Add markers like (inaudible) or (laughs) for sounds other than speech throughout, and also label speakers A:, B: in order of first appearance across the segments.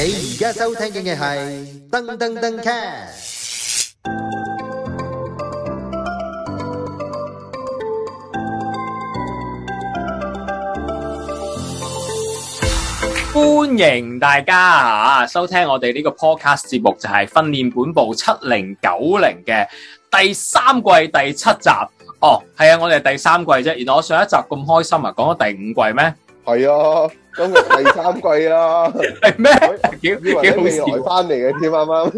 A: 你而
B: 家收聽嘅係噔噔噔 cast，歡迎大家收聽我哋呢個 podcast 節目，就係訓練本部七零九零嘅第三季第七集。哦，係啊，我哋係第三季啫，原來我上一集咁開心啊，講咗第五季咩？
A: 係啊，今日第三季啦，係咩？幾時翻嚟嘅添，啱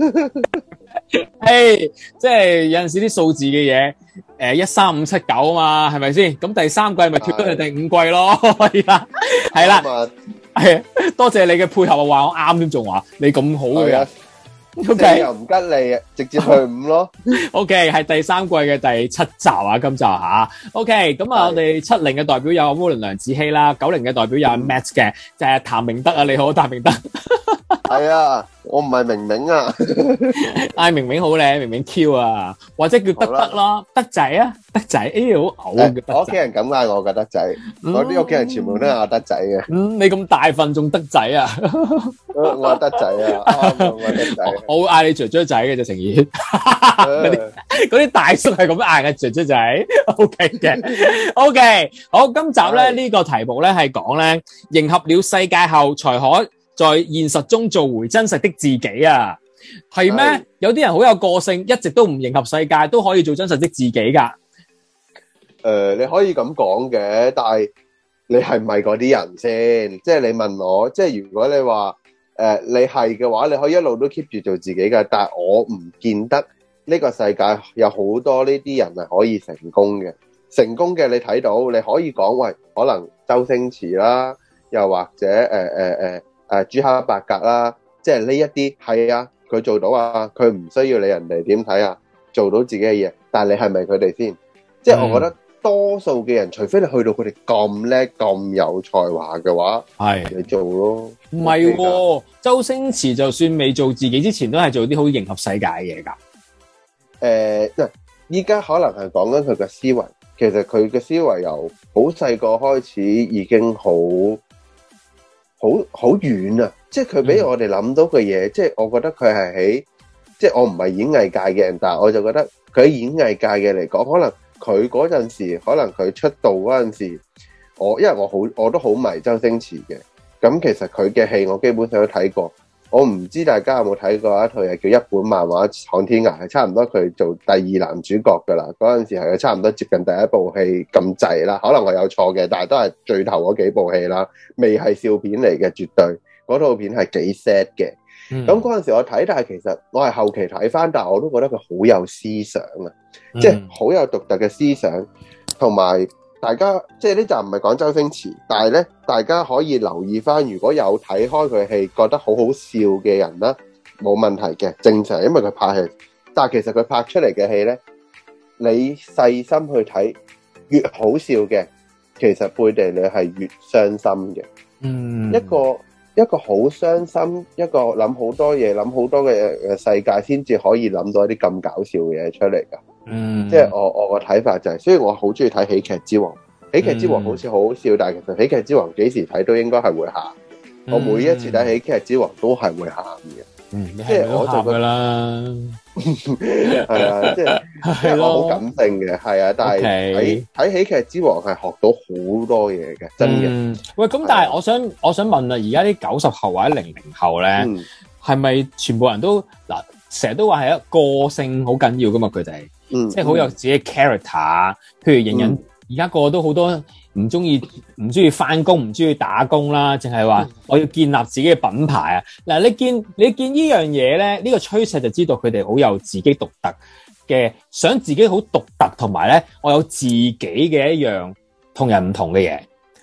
B: 啱，誒，即係有陣時啲數字嘅嘢，誒，一三五七九啊嘛，係咪先？咁第三季咪跳到去第五季咯，係啦，係啦，係，多謝你嘅配合啊，話我啱添，仲話你咁好嘅。
A: O K 又唔吉利，直接去
B: 五咯。O K 係第三季嘅第七集啊，今集吓。O K 咁啊，okay, 啊是我哋七零嘅代表有阿烏倫梁子希啦，九零嘅代表有阿 Mat 嘅，就係、是、譚明德啊，你好譚明德。
A: 係 (laughs) 啊、哎，我唔係明明啊，
B: 嗌、 (laughs) 哎、明明好靚，明明 Q 啊，或者叫德德咯，吧德仔啊，德仔，
A: 哎好嘔嘅，我屋企人咁嗌我㗎德仔，我啲屋企人全部都係我德仔嘅。嗯，你咁大份仲德仔啊？ (laughs) 我我德仔啊，啊，我德仔。 (laughs) 我會嗌你
B: 雀雀仔嘅，就成言嗰啲嗰啲大叔係咁嗌嘅雀雀仔，OK 嘅，OK。好，今集咧呢個題目咧係講咧，迎合了世界後，才可在現實中做回真實的自己啊？係咩？有啲人好有個性，一直都唔迎合世界，都可以做真實的自己噶。
A: 誒，你可以咁講嘅，但係你係咪嗰啲人先？即係你問我，即係如果你話。誒，你係嘅話，你可以一路都 keep 住做自己㗎。但係我唔見得呢個世界有好多呢啲人係可以成功嘅。成功嘅你睇到，你可以講喂，可能周星馳啦，又或者誒誒誒誒朱克伯格啦，即係呢一啲係啊，佢做到啊，佢唔需要你人哋點睇啊，做到自己嘅嘢。但係你係咪佢哋先？
B: 即係我覺得。
A: 多數嘅人，除非你去到佢哋咁叻、咁有才華嘅話，係就是做咯。唔係、哦，okay、
B: 的周星馳就算未做自己之前，都係做啲好迎
A: 合世界嘅嘢噶。誒、呃，即係依家可能係講緊佢嘅思維。其實佢嘅思維由好細個開始已經好好好遠啊！即係佢比我哋諗到嘅嘢，嗯、即係我覺得佢係喺即係我唔係演藝界嘅人，但係我就覺得佢喺演藝界嘅嚟講，可能。佢嗰陣時，可能佢出道嗰陣時，我因為我好我都好迷周星馳嘅。咁，其實佢嘅戲我基本上都睇過。我唔知大家有冇睇過一套係叫一本漫畫闖天涯，係差唔多佢做第二男主角噶啦。嗰陣時係差唔多接近第一部戲咁滯啦。可能我有錯嘅，但係都係最頭嗰幾部戲啦，未係笑片嚟嘅，絕對嗰套片係幾 sad 嘅。咁嗰陣時我睇，但係其實我係後期睇翻，但係我都覺得佢好有思想啊，即係好有獨特嘅思想，同埋大家即係呢集唔係講周星馳，但係咧大家可以留意翻，如果有睇開佢戲覺得好好笑嘅人啦，冇問題嘅正常，因為佢拍戲，但係其實佢拍出嚟嘅戲咧，你細心去睇，越好笑嘅，其實背地裏係越傷心嘅，嗯，一個。一個好傷心，一個諗好多嘢，諗好多嘅世界，先至可以諗到一啲咁搞笑嘅嘢出嚟噶。嗯，即係我我個睇法就係，雖然我好中意睇喜劇之王，喜劇之王好似好好笑，嗯，但係其實喜劇之王幾時睇都應該係會喊。嗯，我每一次睇喜劇之王都係會喊嘅。嗯、你係咪即係我做嘅啦，係 (laughs) 啊，即係係咯，好感性嘅，係啊。但係睇喺喜劇之王係學到好多嘢嘅，真嘅、嗯。
B: 喂，咁但係我想、啊、我想問啦，而家啲九十後或者零零後咧，係咪、嗯、全部人都嗱？成日都話係一個性好緊要噶嘛？佢哋、嗯、即係好有自己 character，、嗯、譬如影人、嗯，而家個個都好多。唔中意唔中意翻工，唔中意打工啦，淨係話我要建立自己嘅品牌啊！嗱，你見你見呢樣嘢咧，呢、呢個趨勢就知道佢哋好有自己獨特嘅，想自己好獨特，同埋咧，我有自己嘅一樣同人唔同嘅嘢，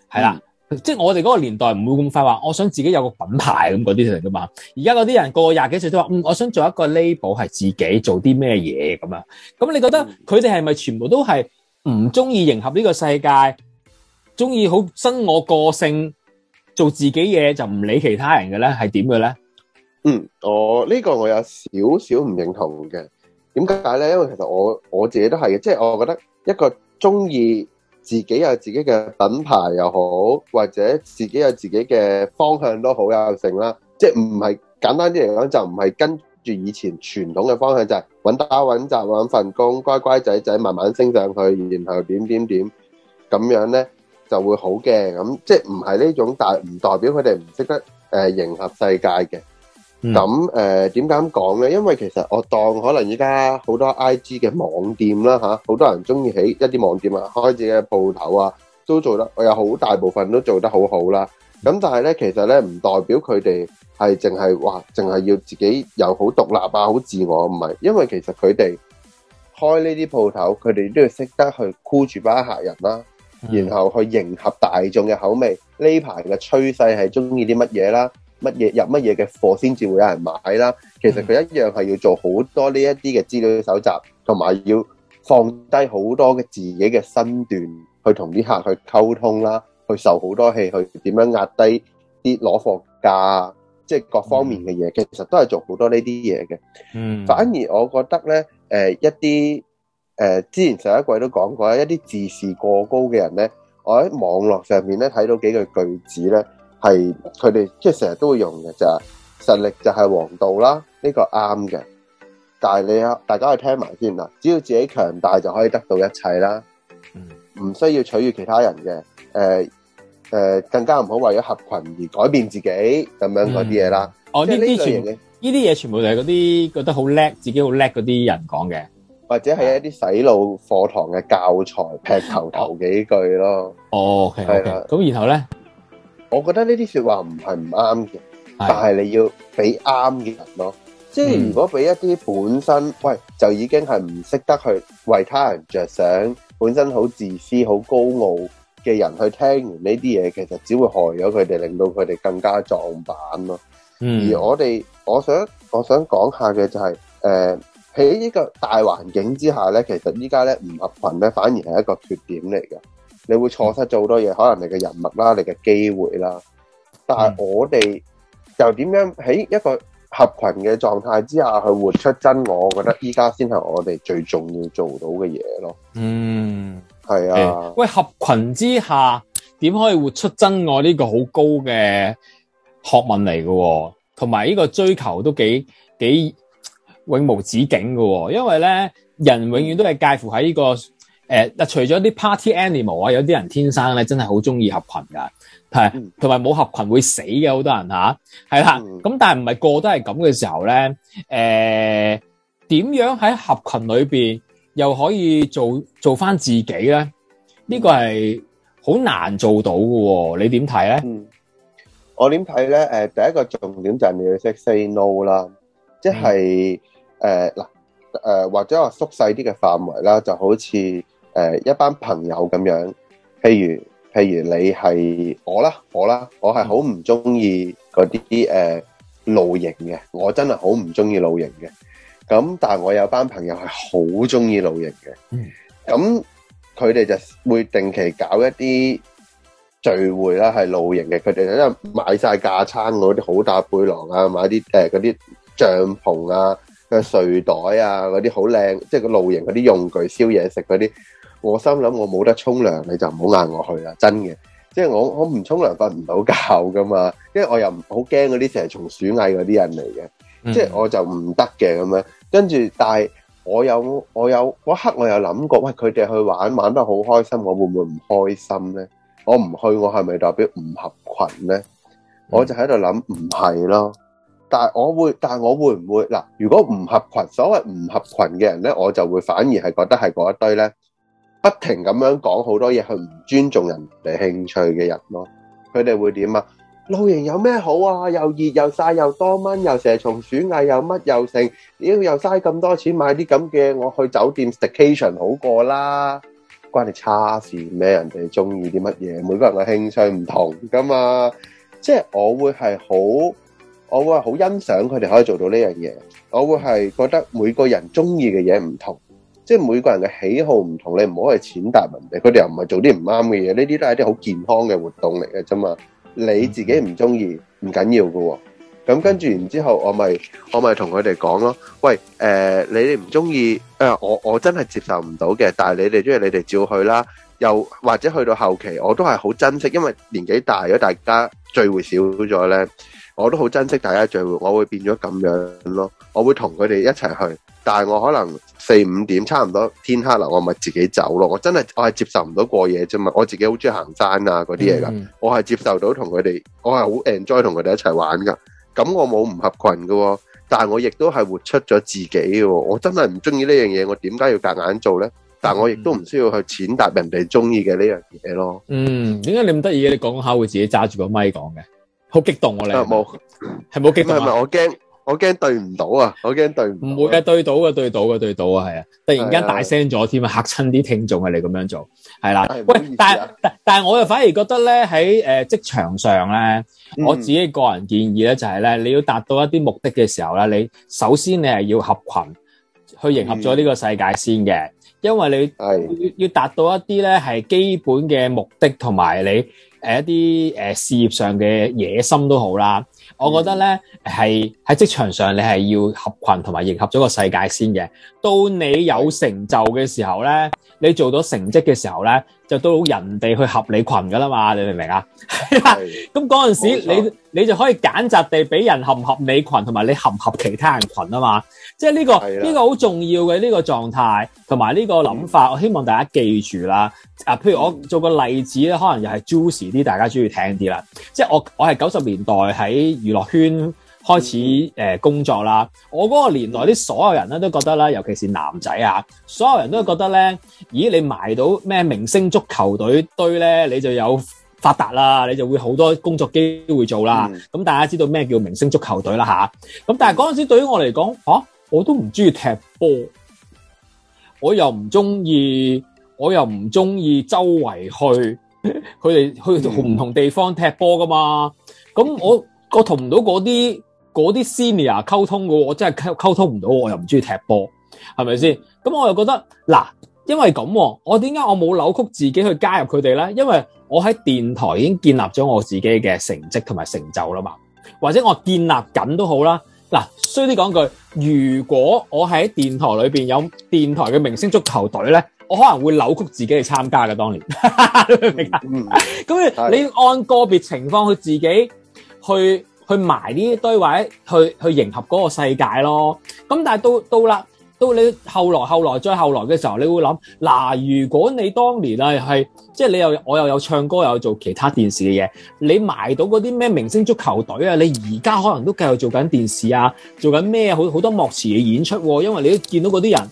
B: 係啦，即係、嗯、我哋嗰個年代唔會咁快話，我想自己有個品牌咁嗰啲嚟噶嘛。而家嗰啲人過廿幾歲都話，嗯，我想做一個 label，係自己做啲咩嘢咁樣。咁你覺得佢哋係咪全部都係唔中意迎合呢個世界？中意好生，我個性，做自己嘢就唔理其他人嘅咧，係點嘅咧？
A: 嗯，我呢個我有少少唔認同嘅。點解咧？因為其實我我自己都係嘅，即係我覺得一個中意自己有自己嘅品牌又好，或者自己有自己嘅方向都好，有性啦。即係唔係簡單啲嚟講，就唔係跟住以前傳統嘅方向，就係揾打揾雜揾份工，乖乖仔仔慢慢升上去，然後點點點咁樣咧。就會好嘅，咁即係唔係呢種，但係唔代表佢哋唔識得誒、呃、迎合世界嘅。咁點解咁講咧？因為其實我當可能依家好多 IG 嘅網店啦，好多人中意起一啲網店啊，開自己嘅鋪頭啊，都做得，我有好大部分都做得好好啦。咁但係咧，其實咧唔代表佢哋係淨係話，淨係要自己又好獨立啊，好自我，唔係，因為其實佢哋開呢啲鋪頭，佢哋都要識得去箍住班客人啦、啊。然後去迎合大眾嘅口味，呢排嘅趨勢係中意啲乜嘢啦，乜嘢入乜嘢嘅貨先至會有人買啦。其實佢一樣係要做好多呢一啲嘅資料搜集，同埋要放低好多嘅自己嘅身段去同啲客去溝通啦，去受好多氣，去點樣壓低啲攞貨價，即係各方面嘅嘢。嗯，其實都係做好多呢啲嘢嘅。嗯，反而我覺得咧，誒，呃，一啲。誒、呃，之前上一季都講過啦，一啲自視過高嘅人咧，我喺網絡上面咧睇到幾句句子咧，係佢哋即係成日都會用嘅就係實力就係黃道啦，呢、這個啱嘅。但係你啊，大家去聽埋先啦，只要自己強大就可以得到一切啦，唔、嗯、需要取悅其他人嘅。誒、呃、誒、呃，更加唔好為咗合群而改變自己咁樣嗰啲嘢啦。嗯、哦，呢啲這全
B: 呢啲嘢全部就係嗰啲覺得好叻、自己好叻嗰啲人講嘅。
A: 或者係一啲洗腦課堂嘅教材，劈頭頭幾句咯。哦、oh, okay , okay. 的，係啦。咁然後咧，我覺得呢啲說話唔係唔啱嘅，的但係你要俾啱嘅人咯。即係、就是、如果俾一啲本身喂就已經係唔識得去為他人着想，本身好自私、好高傲嘅人去聽完呢啲嘢，其實只會害咗佢哋，令到佢哋更加撞板咯。嗯。而我哋我想我想講下嘅就係、是呃喺呢個大環境之下咧，其實依家咧唔合群咧，反而係一個缺點嚟嘅。你會錯失咗好多嘢，可能你嘅人脈啦，你嘅機會啦。但係我哋又點樣喺一個合群嘅狀態之下去活出真我？我覺得依家先係我哋最重要做到嘅嘢咯。嗯，係啊是。喂，
B: 合群之下點可以活出真我？呢個好高嘅學問嚟嘅，同埋呢個追求都幾幾。永無止境嘅，因為咧，人永遠都係介乎喺呢個誒，嗱除咗啲 party animal 啊，有啲人天生咧真係好中意合群嘅，係同埋冇合群會死嘅，好多人吓，係啦。咁但係唔係個個都係咁嘅時候咧，誒，點樣喺合群裏邊又可以做做翻自己咧？呢個係好難做到嘅，你點睇咧？
A: 我點睇咧？誒，第一個重點就係你要識 say no 啦，即係。誒嗱，誒、呃呃、或者話縮細啲嘅範圍啦，就好似誒、呃、一班朋友咁樣，譬如譬如你係我啦，我啦，我係好唔中意嗰啲誒露營嘅，我真係好唔中意露營嘅。咁但係我有班朋友係好中意露營嘅，咁佢哋就會定期搞一啲聚會啦，係露營嘅。佢哋因為買晒架撐嗰啲好大背囊啊，買啲誒嗰啲帳篷啊。嘅睡袋啊，嗰啲好靚，即係個露營嗰啲用具、燒嘢食嗰啲，我心諗我冇得沖涼，你就唔好嗌我去啦，真嘅。即係我我唔沖涼，瞓唔到覺噶嘛，因為我又好驚嗰啲蛇蟲鼠蟻嗰啲人嚟嘅，即係我就唔得嘅咁樣。跟住，但係我有我有嗰刻，我有諗過，喂，佢哋去玩玩得好開心，我會唔會唔開心咧？我唔去，我係咪代表唔合群咧？我就喺度諗，唔係咯。但係我會，但係我會唔會嗱？如果唔合羣，所謂唔合羣嘅人咧，我就會反而係覺得係嗰一堆咧，不停咁樣講好多嘢，係唔尊重人哋興趣嘅人咯。佢哋會點啊？露營有咩好啊？又熱又曬，又多蚊，又蛇蟲鼠蟻，又乜又剩，屌又嘥咁多錢買啲咁嘅，我去酒店 staycation 好過啦。關你叉事咩？人哋中意啲乜嘢，每個人嘅興趣唔同噶嘛。即係我會係好。我會好欣賞佢哋可以做到呢樣嘢，我會係覺得每個人中意嘅嘢唔同，即係每個人嘅喜好唔同，你唔好去踐踏人哋，佢哋又唔係做啲唔啱嘅嘢，呢啲都係啲好健康嘅活動嚟嘅啫嘛。你自己唔中意唔緊要喎。咁跟住然之後我咪我咪同佢哋講咯，喂，誒、呃、你哋唔中意，誒、呃、我我真係接受唔到嘅，但係你哋中意你哋照去啦。又或者去到後期，我都係好珍惜，因為年紀大咗，大家聚會少咗呢，我都好珍惜大家聚會。我會變咗咁樣咯，我會同佢哋一齊去，但係我可能四五點差唔多天黑啦，我咪自己走咯。我真係我係接受唔到過夜啫嘛，我自己好中意行山啊嗰啲嘢噶，嗯、我係接受到同佢哋，我係好 enjoy 同佢哋一齊玩噶。咁我冇唔合群㗎喎。但係我亦都係活出咗自己嘅。我真係唔中意呢樣嘢，我點解要夾硬做呢？但係我亦都唔需要去踐踏人哋中意嘅呢樣嘢
B: 咯。嗯，點解你咁得意嘅？你講下會自己揸住個麥講嘅，好
A: 激動我哋冇，
B: 係冇、啊、激動、啊。係咪我
A: 驚？我驚對唔到啊！我驚對唔、啊。唔會嘅，對到嘅，對到嘅，對到啊！係啊，突然間大聲
B: 咗添啊，吓親啲聽眾啊！你咁樣做，係啦。的喂，啊、但係但係我又反而覺得咧喺誒職場上咧，嗯、我自己個人建議咧就係咧，你要達到一啲目的嘅時候咧，你首先你係要合群，去迎合咗呢個世界先嘅。因為你要要達到一啲咧係基本嘅目的，同埋你誒一啲誒事業上嘅野心都好啦。我覺得咧係喺職場上，你係要合群同埋迎合咗個世界先嘅。到你有成就嘅時候咧，你做到成績嘅時候咧。就到人哋去合你群噶啦嘛，你明唔明啊？咁嗰陣時你，你想你就可以揀擇地俾人合唔合你群，同埋你合唔合其他人群啊嘛。即係呢、呢個呢的個好重要嘅呢個狀態同埋呢個諗法，嗯、我希望大家記住啦。啊，譬如我做個例子咧，可能又係 Juicy 啲，大家中意聽啲啦。即係我我係九十年代喺娛樂圈。開始誒工作啦！我嗰個年代啲所有人咧都覺得啦，尤其是男仔啊，所有人都覺得咧，咦？你埋到咩明星足球隊堆咧，你就有發達啦，你就會好多工作機會做啦。咁、嗯、大家知道咩叫明星足球隊啦吓，咁、啊、但係嗰陣時對於我嚟講，嚇、啊、我都唔中意踢波，我又唔中意，我又唔中意周圍去，佢哋去到唔同地方踢波噶嘛。咁我個同唔到嗰啲。嗰啲 senior 溝通嘅，我真係溝溝通唔到，我又唔中意踢波，係咪先？咁我又覺得嗱，因為咁，我點解我冇扭曲自己去加入佢哋咧？因為我喺電台已經建立咗我自己嘅成績同埋成就啦嘛，或者我建立緊都好啦。嗱，衰啲講句，如果我喺電台裏面有電台嘅明星足球隊咧，我可能會扭曲自己去參加嘅。當年， (laughs) 你明唔明？咁你、嗯嗯、你按個別情況去自己去。去埋呢堆位，去去迎合嗰個世界咯。咁但係到到啦，到你後來後來再後來嘅時候，你會諗嗱、啊，如果你當年啊係即係你又我又有唱歌，又有做其他電視嘅嘢，你埋到嗰啲咩明星足球隊啊，你而家可能都繼續做緊電視啊，做緊咩好好多幕前嘅演出喎、啊。因為你都見到嗰啲人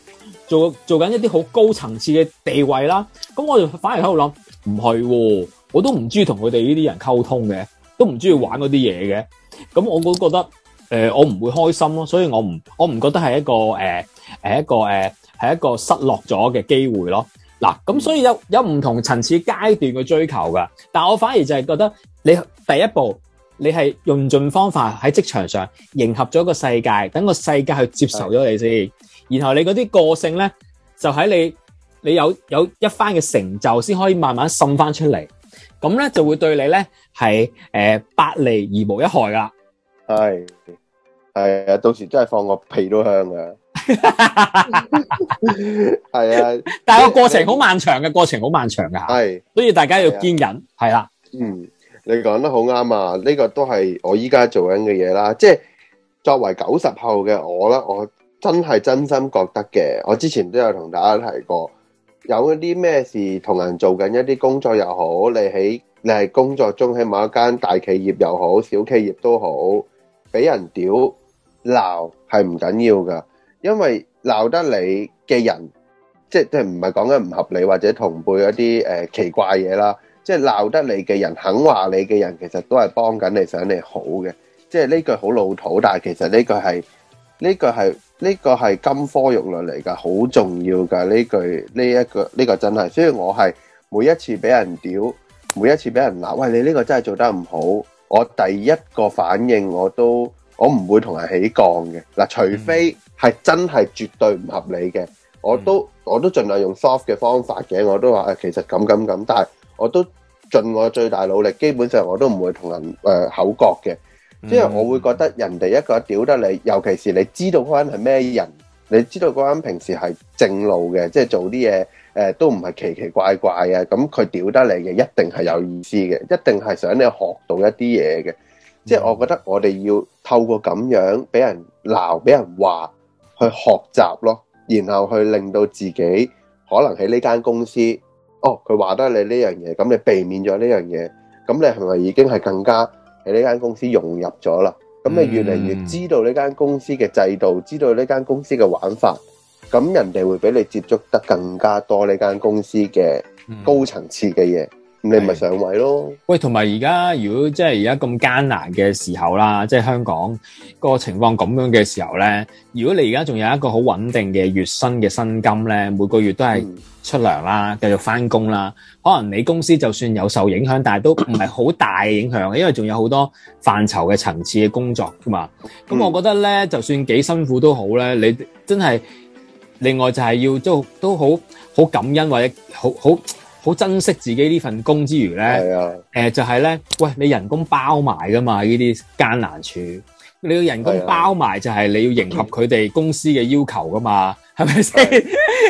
B: 做做緊一啲好高層次嘅地位啦、啊。咁我就反而喺度諗，唔係、哦，我都唔中意同佢哋呢啲人溝通嘅，都唔中意玩嗰啲嘢嘅。咁我我都覺得，誒，我唔會開心咯，所以我唔，我唔覺得係一個，誒，係一個，誒，係一個失落咗嘅機會咯。嗱，咁所以有有唔同層次階段嘅追求噶，但係我反而就係覺得，你第一步，你係用盡方法喺職場上迎合咗個世界，等個世界去接受咗你先，然後你嗰啲個性咧，就喺你，你有有一番嘅成就先可以慢慢滲翻出嚟。咁咧就會對你咧係誒，百利而無一害啦。
A: 係係啊，到時真係放個屁都香噶
B: 係 (laughs) 啊的，但係個過程好漫長嘅，的過程好漫長噶係的，所以大家要堅忍。係
A: 啦的，的嗯，你講得好啱啊。呢個都係我依家做緊嘅嘢啦。即係作為九十後嘅我啦，我真係真心覺得嘅。我之前都有同大家提過。有一啲咩事同人做緊一啲工作又好，你喺你喺工作中喺某一間大企業又好，小企業都好，俾人屌鬧係唔緊要㗎，因為鬧得你嘅人，即係即係唔係講緊唔合理或者同輩嗰啲、呃、奇怪嘢啦，即係鬧得你嘅人肯話你嘅人，其實都係幫緊你想你好嘅，即係呢句好老土，但係其實呢句係呢句係。呢個係金科玉律嚟㗎，好重要㗎。呢句呢一、呢個呢、呢個呢個真係，雖然我係每一次俾人屌，每一次俾人鬧，喂你呢個真係做得唔好，我第一個反應我都我唔會同人起槓嘅。嗱，除非係真係絕對唔合理嘅，我都我都盡量用 soft 嘅方法嘅，我都話其實咁咁咁，但係我都盡我最大努力，基本上我都唔會同人、呃、口角嘅。即係我會覺得人哋一個人屌得你，尤其是你知道嗰班係咩人，你知道嗰班平時係正路嘅，即係做啲嘢，誒都唔係奇奇怪怪嘅。咁佢屌得你嘅，一定係有意思嘅，一定係想你學到一啲嘢嘅。即係我覺得我哋要透過咁樣俾人鬧，俾人話，去學習咯，然後去令到自己可能喺呢間公司，哦佢話得你呢樣嘢，咁你避免咗呢樣嘢，咁你係咪已經係更加？喺呢間公司融入咗啦，咁你越嚟越知道呢間公司嘅制度，嗯、知道呢間公司嘅玩法，咁人哋會俾你接觸得更加多呢間公司嘅高層次嘅嘢。你咪上位
B: 咯！喂，同埋而家如果即係而家咁艱難嘅時候啦，即係香港個情況咁樣嘅時候咧，如果你而家仲有一個好穩定嘅月薪嘅薪金咧，每個月都係出糧啦，繼續翻工啦，可能你公司就算有受影響，但係都唔係好大嘅影響，因為仲有好多範疇嘅層次嘅工作㗎嘛。咁我覺得咧，就算幾辛苦都好咧，你真係另外就係要都都好好感恩或者好好。好珍惜自己呢份工之餘咧、啊呃，就係、是、咧，喂，你人工包埋噶嘛？呢啲艱難處，你要人工包埋就係你要迎合佢哋公司嘅要求噶嘛，係咪先？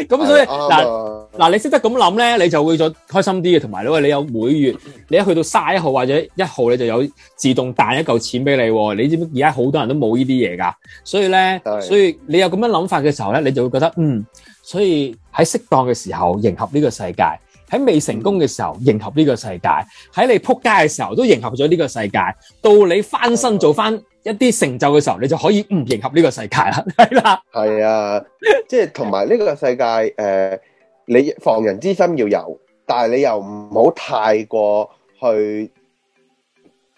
B: 咁吧、啊、 (laughs) 所以嗱嗱，你識得咁諗咧，你就會咗開心啲嘅，同埋你話你有每月，你一去到卅一號或者一號，你就有自動彈一嚿錢俾你。你知唔知而家好多人都冇呢啲嘢噶，所以咧，啊、所以你有咁樣諗法嘅時候咧，你就會覺得嗯，所以喺適當嘅時候迎合呢個世界。喺未成功嘅時候迎合呢個世界，喺你撲街嘅時候都迎合咗呢個世界，到你翻身做返一啲成就嘅時候，你就可以唔迎合呢個世界啦，係啦。
A: 係啊，即係同埋呢個世界，誒、呃，你防人之心要有，但係你又唔好太過去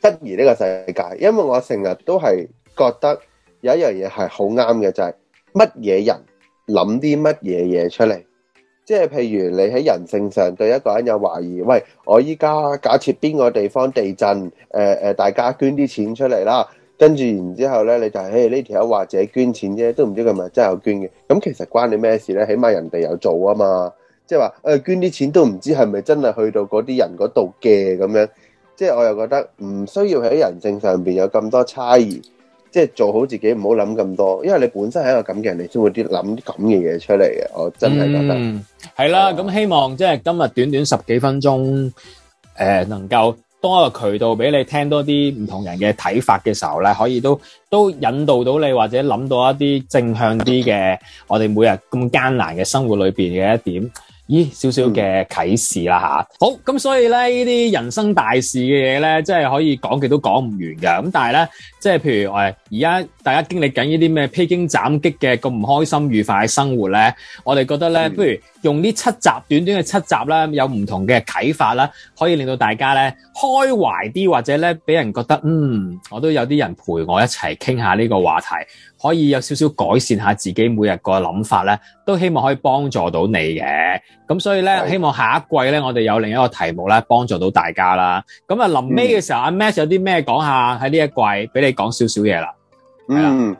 A: 質疑呢個世界，因為我成日都係覺得有一樣嘢係好啱嘅，就係乜嘢人諗啲乜嘢嘢出嚟。即係譬如你喺人性上對一個人有懷疑，喂，我依家假設邊個地方地震，誒、呃、大家捐啲錢出嚟啦，跟住然之後咧，你就係呢條友或者捐錢啫，都唔知佢咪真係有捐嘅。咁其實關你咩事咧？起碼人哋有做啊嘛，即係話、呃、捐啲錢都唔知係咪真係去到嗰啲人嗰度嘅咁樣，即係我又覺得唔需要喺人性上面有咁多猜疑。即係做好自己，唔好諗咁多，因為你本身係一個咁嘅人，你先會啲諗啲咁嘅嘢出嚟嘅。我真係覺
B: 得，係啦、嗯。咁、啊啊、希望即係今日短短十幾分鐘，誒、呃、能夠多一個渠道俾你聽多啲唔同人嘅睇法嘅時候咧，可以都都引導到你或者諗到一啲正向啲嘅，我哋每日咁艱難嘅生活裏邊嘅一點。咦，少少嘅啟示啦嚇、嗯啊，好，咁所以呢，呢啲人生大事嘅嘢呢，呢，即係可以講極都講唔完㗎。咁但係呢，即係譬如我哋而家大家經歷緊呢啲咩披荊斬棘嘅咁唔開心愉快嘅生活呢，我哋覺得呢，不、嗯、如，用呢七集短短嘅七集啦，有唔同嘅啟發啦，可以令到大家咧，開懷啲，或者咧，俾人覺得嗯，我都有啲人陪我一齊傾下呢個話題，可以有少少改善下自己每日個諗法咧，都希望可以幫助到你嘅。咁所以咧，的希望下一季咧，我哋有另一個題目咧，幫助到大家啦。咁啊，臨尾嘅時候，嗯、阿 Max 有啲咩講下喺呢一季一，俾你講少少嘢啦。嗯。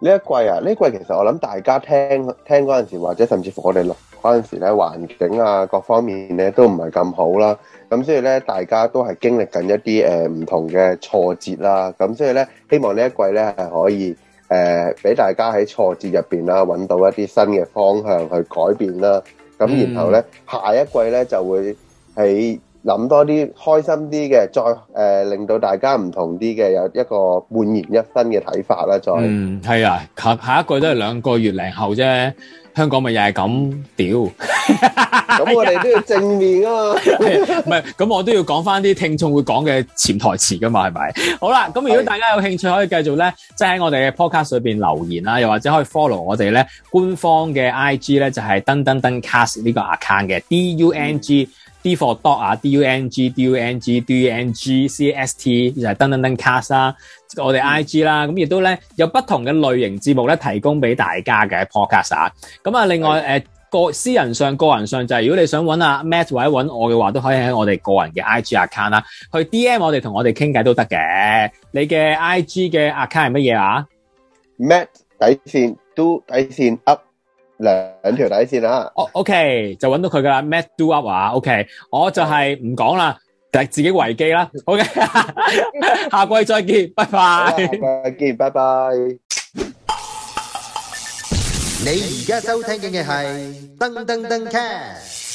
A: 呢一季啊，呢季其實我諗大家聽聽嗰陣時，或者甚至乎我哋錄嗰陣時咧，環境啊各方面咧都唔係咁好啦。咁所以咧，大家都係經歷緊一啲誒唔同嘅挫折啦。咁所以咧，希望呢一季咧係可以誒俾、呃、大家喺挫折入邊啦，搵到一啲新嘅方向去改變啦。咁然後咧、嗯、下一季咧就會喺。諗多啲開心啲嘅，再誒、呃、令到大家唔同啲嘅，有一個煥然一新嘅睇法啦。再嗯，
B: 係啊下，下一句都係兩個月零後啫，香港咪又係咁屌，
A: 咁 (laughs) (laughs) 我哋都要正面啊嘛，
B: 唔 (laughs) 係、啊，咁我都要講翻啲聽眾會講嘅潛台詞噶嘛，係咪？
A: 好啦，咁如果
B: 大家有興趣，可以繼續咧，即係喺我哋嘅 podcast 裏面留言啦，又或者可以 follow 我哋咧官方嘅 IG 咧，就係登登登 cast 呢個 account 嘅 D。U N G, 嗯 D for dog 啊，D U N G D U N G D U N G C S T 就係等等等 cast 啦，我哋 I G 啦，咁亦都咧有不同嘅類型節目咧提供俾大家嘅 Podcast。咁啊，另外誒的個私人上個人上就係、是、如果你想揾啊 Matt 或者揾我嘅話，都可以喺我哋個人嘅 I G account 啦，去 D M 我哋同我哋傾偈都得嘅。你嘅 I G 嘅 account 係乜嘢啊
A: ？Matt 底線 d o 底線 up。兩條底線啦、啊。
B: 哦，OK 就揾到佢㗎啦，Matt d o a w O K 我就係唔講啦，就係、是、自己維基啦。OK
A: (laughs) (laughs) 下季再見，拜拜。見，拜拜。你而家收聽嘅係《噔噔噔 c a s